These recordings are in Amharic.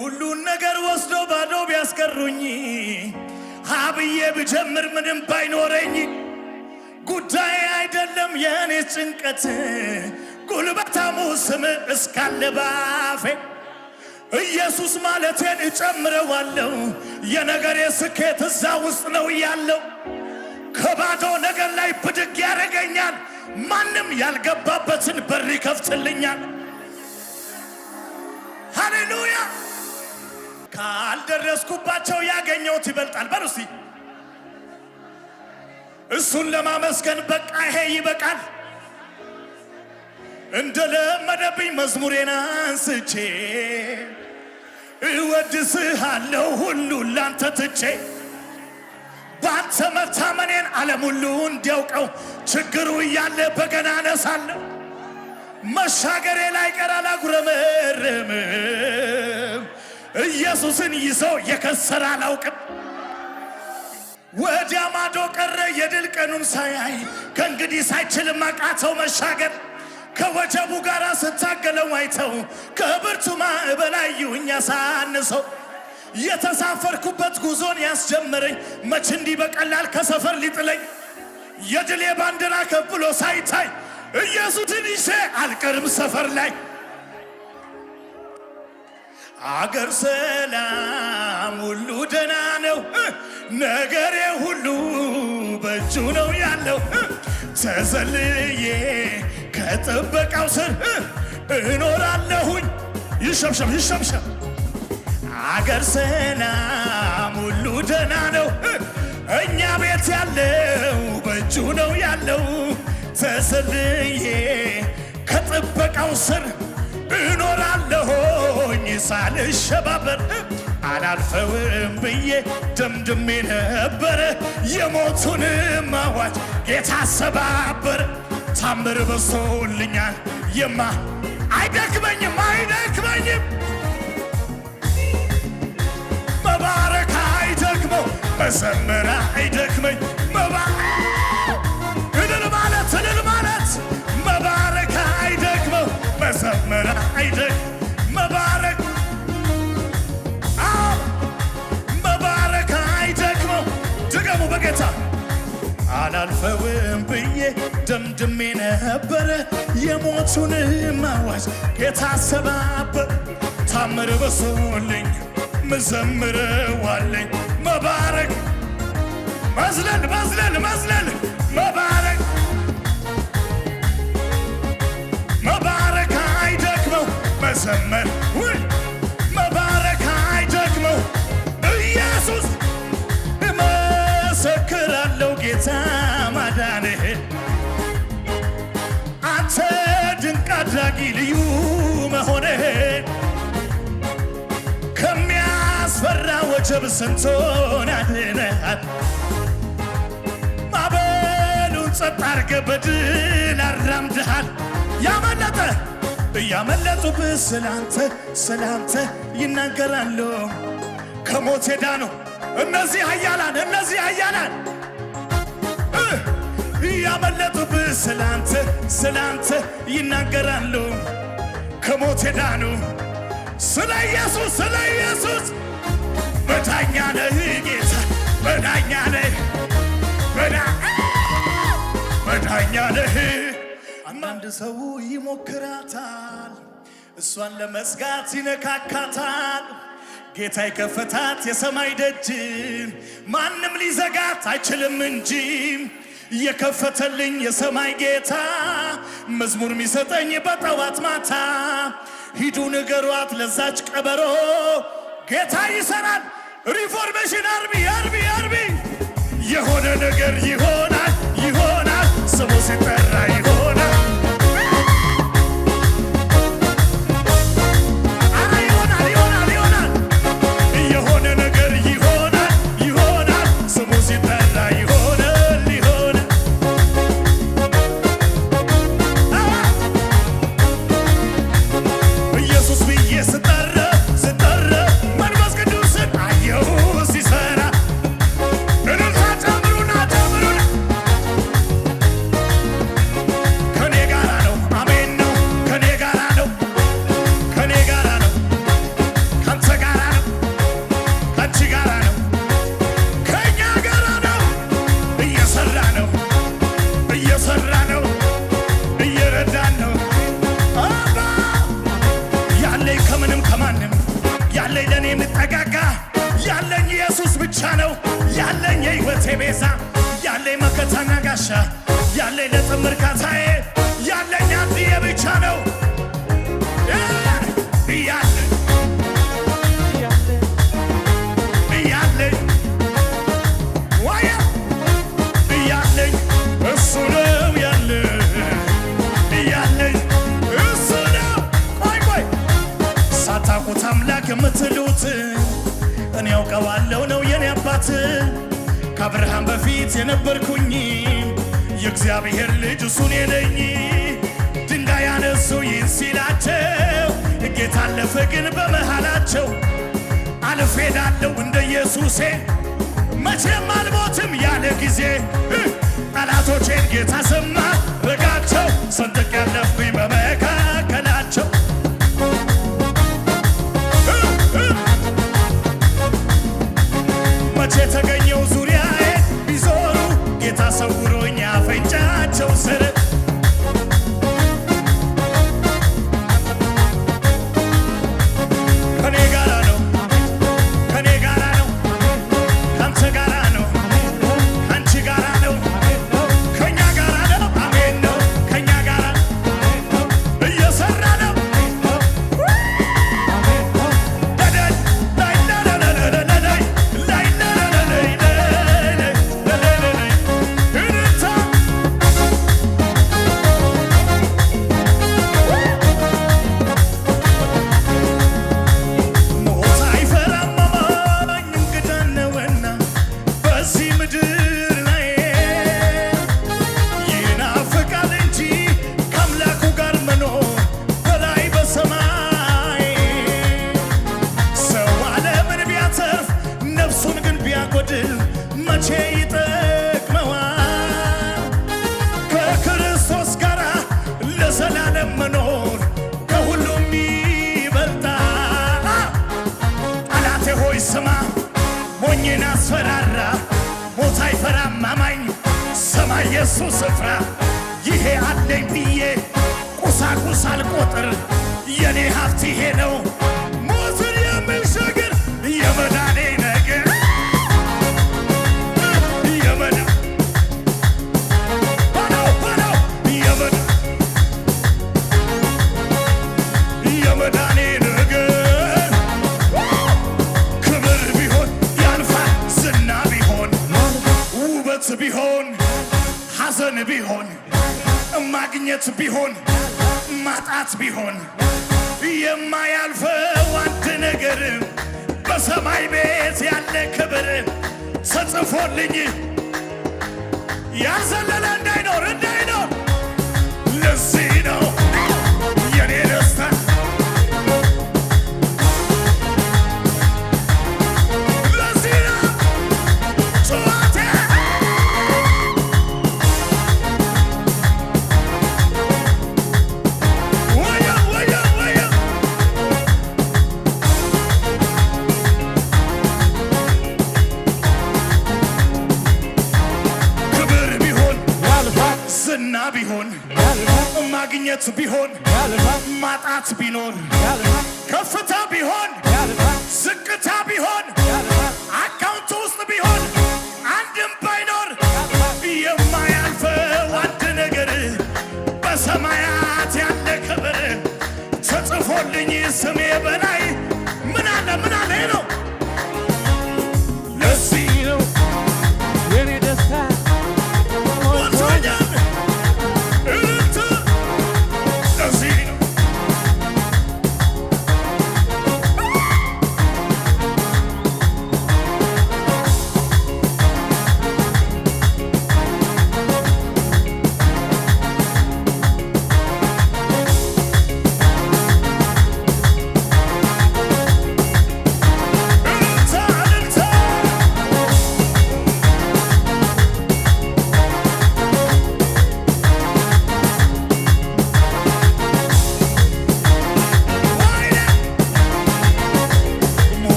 ሁሉን ነገር ወስዶ ባዶ ቢያስቀሩኝ አብዬ ብጀምር ምንም ባይኖረኝ ጉዳይ አይደለም የእኔ ጭንቀት ጉልበታሙ ስም እስካለ ባፌ ኢየሱስ ማለቴን እጨምረዋለሁ። የነገሬ ስኬት እዛ ውስጥ ነው ያለው። ከባዶ ነገር ላይ ብድግ ያደርገኛል። ማንም ያልገባበትን በር ይከፍትልኛል። ሃሌሉያ ካልደረስኩባቸው ያገኘሁት ይበልጣል። በሉ እስቲ እሱን ለማመስገን በቃ ይሄ ይበቃል። እንደ ለመደብኝ መዝሙሬን አንስቼ እወድስሃለሁ ሁሉ ላንተ ትቼ ባንተ መታመኔን ዓለም ሁሉ እንዲያውቀው ችግሩ እያለ በገና አነሳለሁ መሻገሬ ላይ ቀር አላጉረመርም ኢየሱስን ይዘው የከሰረ አላውቅም። ወዲያ ማዶ ቀረ የድል ቀኑን ሳያይ ከእንግዲህ ሳይችልም አቃተው መሻገር ከወጀቡ ጋር ስታገለው አይተው ከብርቱ ማዕበል አዩኝ የተሳፈርኩበት ጉዞን ያስጀመረኝ መች እንዲህ በቀላል ከሰፈር ሊጥለኝ የድሌ ባንዲራ ከብሎ ሳይታይ ኢየሱስን ይዤ አልቀርም ሰፈር ላይ አገር ሰላም ሁሉ ደና ነው። ነገሬ ሁሉ በእጁ ነው ያለው። ተዘልዬ ከጥበቃው ስር እኖራለሁኝ። ይሸብሸብ ይሸብሸብ። አገር ሰላም ሁሉ ደና ነው። እኛ ቤት ያለው በእጁ ነው ያለው። ተዘልዬ ከጥበቃው ስር እኖራለሁ ሳልሸባበር አላልፈውም ብዬ ደምድሜ ነበረ። የሞቱንም አዋጅ ጌታ ሰባበር። ታምር በዝቶልኛል የማ አይደክመኝም አይደክመኝም መባረክ አይደክመው መዘመር አይደክመኝ መባ አያልፈውም ብዬ ደምድሜ ነበረ የሞቱን ማዋጅ ጌታ ሰባበር ታምር በሶልኝ ምዘምረዋለኝ መባረክ መዝለል መዝለል መዝለል መባረክ መባረክ አይደክመው መዘመር መባረክ አይደክመው ኢየሱስ እመሰክራለሁ ጌታ ታዳጊ ልዩ መሆነ ከሚያስፈራ ወጀብ ስንቶን አድነሃል። ማዕበሉን ጸጥ አርገ በድል አራምደሃል። ያመለጠ እያመለጡብህ ስላንተ ስላንተ ይናገራሉ። ከሞት ሄዳ እነዚህ ኃያላን እነዚህ ኃያላን ያመለጡብህ ስላንተ ስላንተ ይናገራሉ ከሞት የዳኑ ስለ ኢየሱስ ስለ ኢየሱስ መዳኛ ነህ ጌታ መዳኛ ነህ መዳኛ ነህ። አንዳንድ ሰው ይሞክራታል እሷን ለመዝጋት ይነካካታል። ጌታ የከፈታት የሰማይ ደጅ ማንም ሊዘጋት አይችልም እንጂ እየከፈተልኝ የሰማይ ጌታ መዝሙር ሚሰጠኝ በጠዋት ማታ ሂዱ ንገሯት ለዛች ቀበሮ ጌታ ይሰራል። ሪፎርሜሽን አርቢ አርቢ አርቢ የሆነ ነገር ይሆናል ይሆናል ስሙ ሲጠራ ይሆናል አልሆንኩኝ የእግዚአብሔር ልጅ እሱ እኔ ነኝ። ድንጋይ ያነሱ ይህን ሲላቸው ጌታ አለፈ ግን በመሃላቸው አልፌ ዳለው እንደ ኢየሱሴ መቼም አልሞትም ያለ ጊዜ ጠላቶቼን ጌታ ሰማ ረጋቸው ሰንጥቅ ያለብኝ በመካከላቸው መቼ ተገ some የእሱ ስፍራ ይሄ አለኝ ብዬ ቁሳቁስ አልቆጥር የኔ ሀብት ይሄ ነው ሞትን የምንሻገር የመዳ ሆን ቢሆን ማግኘት ቢሆን ማጣት ቢሆን የማያልፈው አንድ ነገር በሰማይ ቤት ያለ ክብር ተጽፎልኝ ያዘለለ እንዳይኖር እንዳይኖር ለዚህ ነው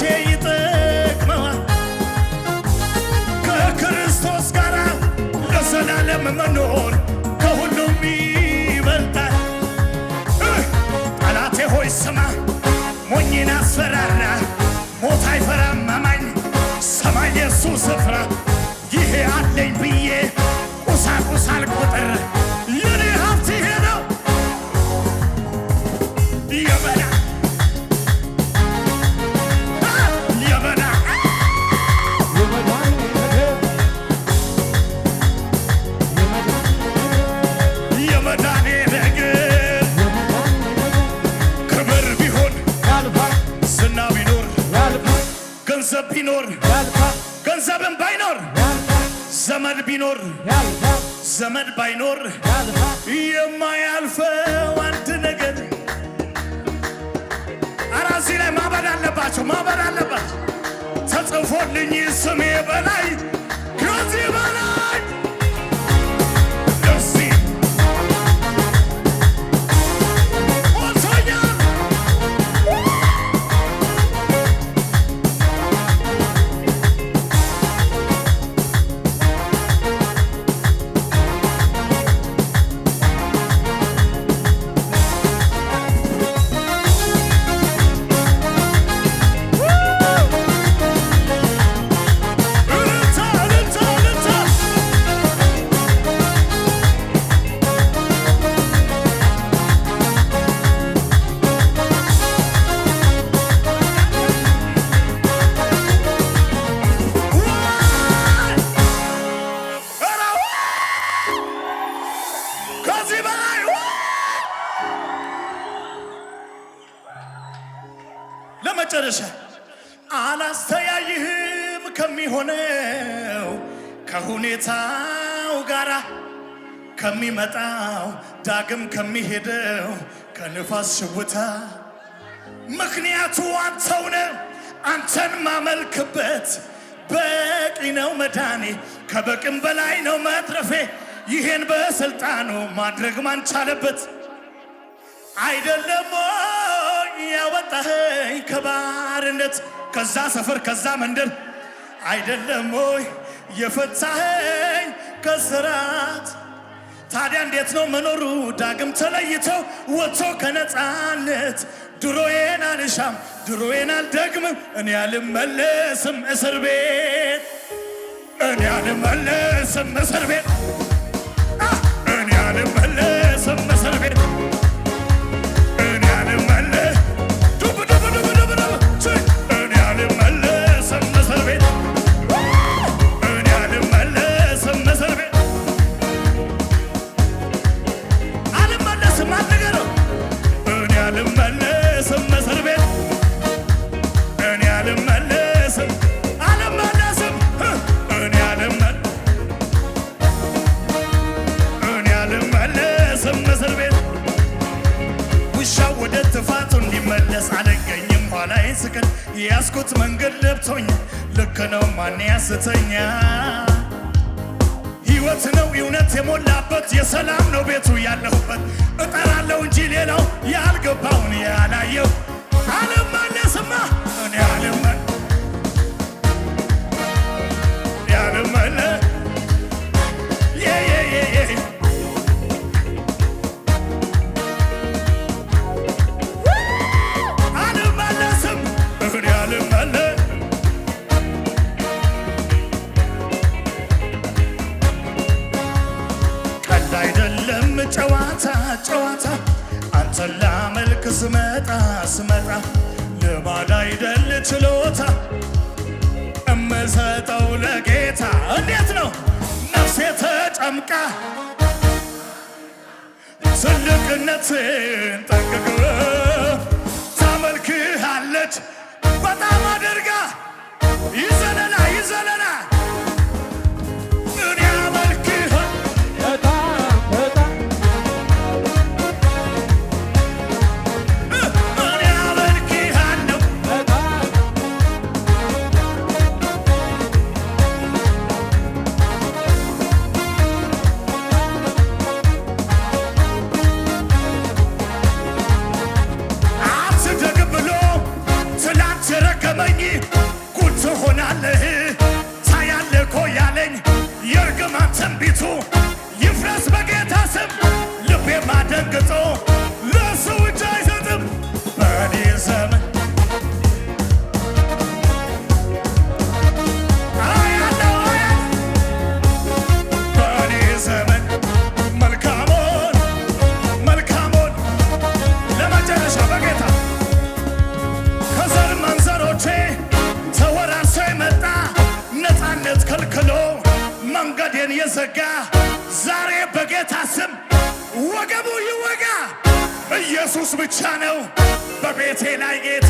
ለህይወቴ ይጠቅመዋል። ከክርስቶስ ጋር ለዘላለም መኖር ከሁሉም ይበልጣል። ጠላቴ ሆይ ስማ፣ ሞኝን አስፈራራ፣ ሞት አይፈራም አማኝ ሰማይ የሱ ስፍራ ዘመድ ባይኖር የማያልፈው አንድ ነገር እዚህ ላይ ማበድ አለባቸው፣ ማበድ አለባቸው። ተጽፎልኝ ስሜ በላይ ከዚህ በላይ መጨረሻ አላስተያይህም ከሚሆነው ከሁኔታው ጋራ ከሚመጣው ዳግም ከሚሄደው ከንፋስ ሽውታ ምክንያቱ አንተውነ አንተን ማመልክበት በቂ ነው መዳኔ። ከበቅም በላይ ነው መትረፌ። ይህን በስልጣኑ ማድረግ ማንቻለበት አይደለም ያወጣህ ከባርነት ከዛ ሰፈር ከዛ መንደር አይደለም ሆይ የፈታኸኝ ከስራት ታዲያ እንዴት ነው መኖሩ ዳግም ተለይተው ወጥቶ ከነፃነት ድሮዬን አልሻም ድሮዬን አልደግምም እኔ አልመለስም እስር ቤት እኔ አልመለስም እስር ቤት እኔ አልመለስም እስር ቤት የህይወት መንገድ ለብቶኝ ልክ ነው ማን ያስተኛ ህይወት ነው እውነት የሞላበት የሰላም ነው ቤቱ ያለሁበት እጠራለሁ እንጂ ሌላው ያልገባውን ያላየው አልመለስማ እኔ አልመለስ አይደለም ጨዋታ ጨዋታ አንተን ላመልክ ስመጣ ስመጣ ልማድ አይደል ችሎታ እምሰጠው ለጌታ እንዴት ነው ነፍሴ ተጨምቃ ትልቅነትን ጠንቅቅ ታመልክሃለች በጣም አድርጋ ይዘለላ ይዘለላ Can I get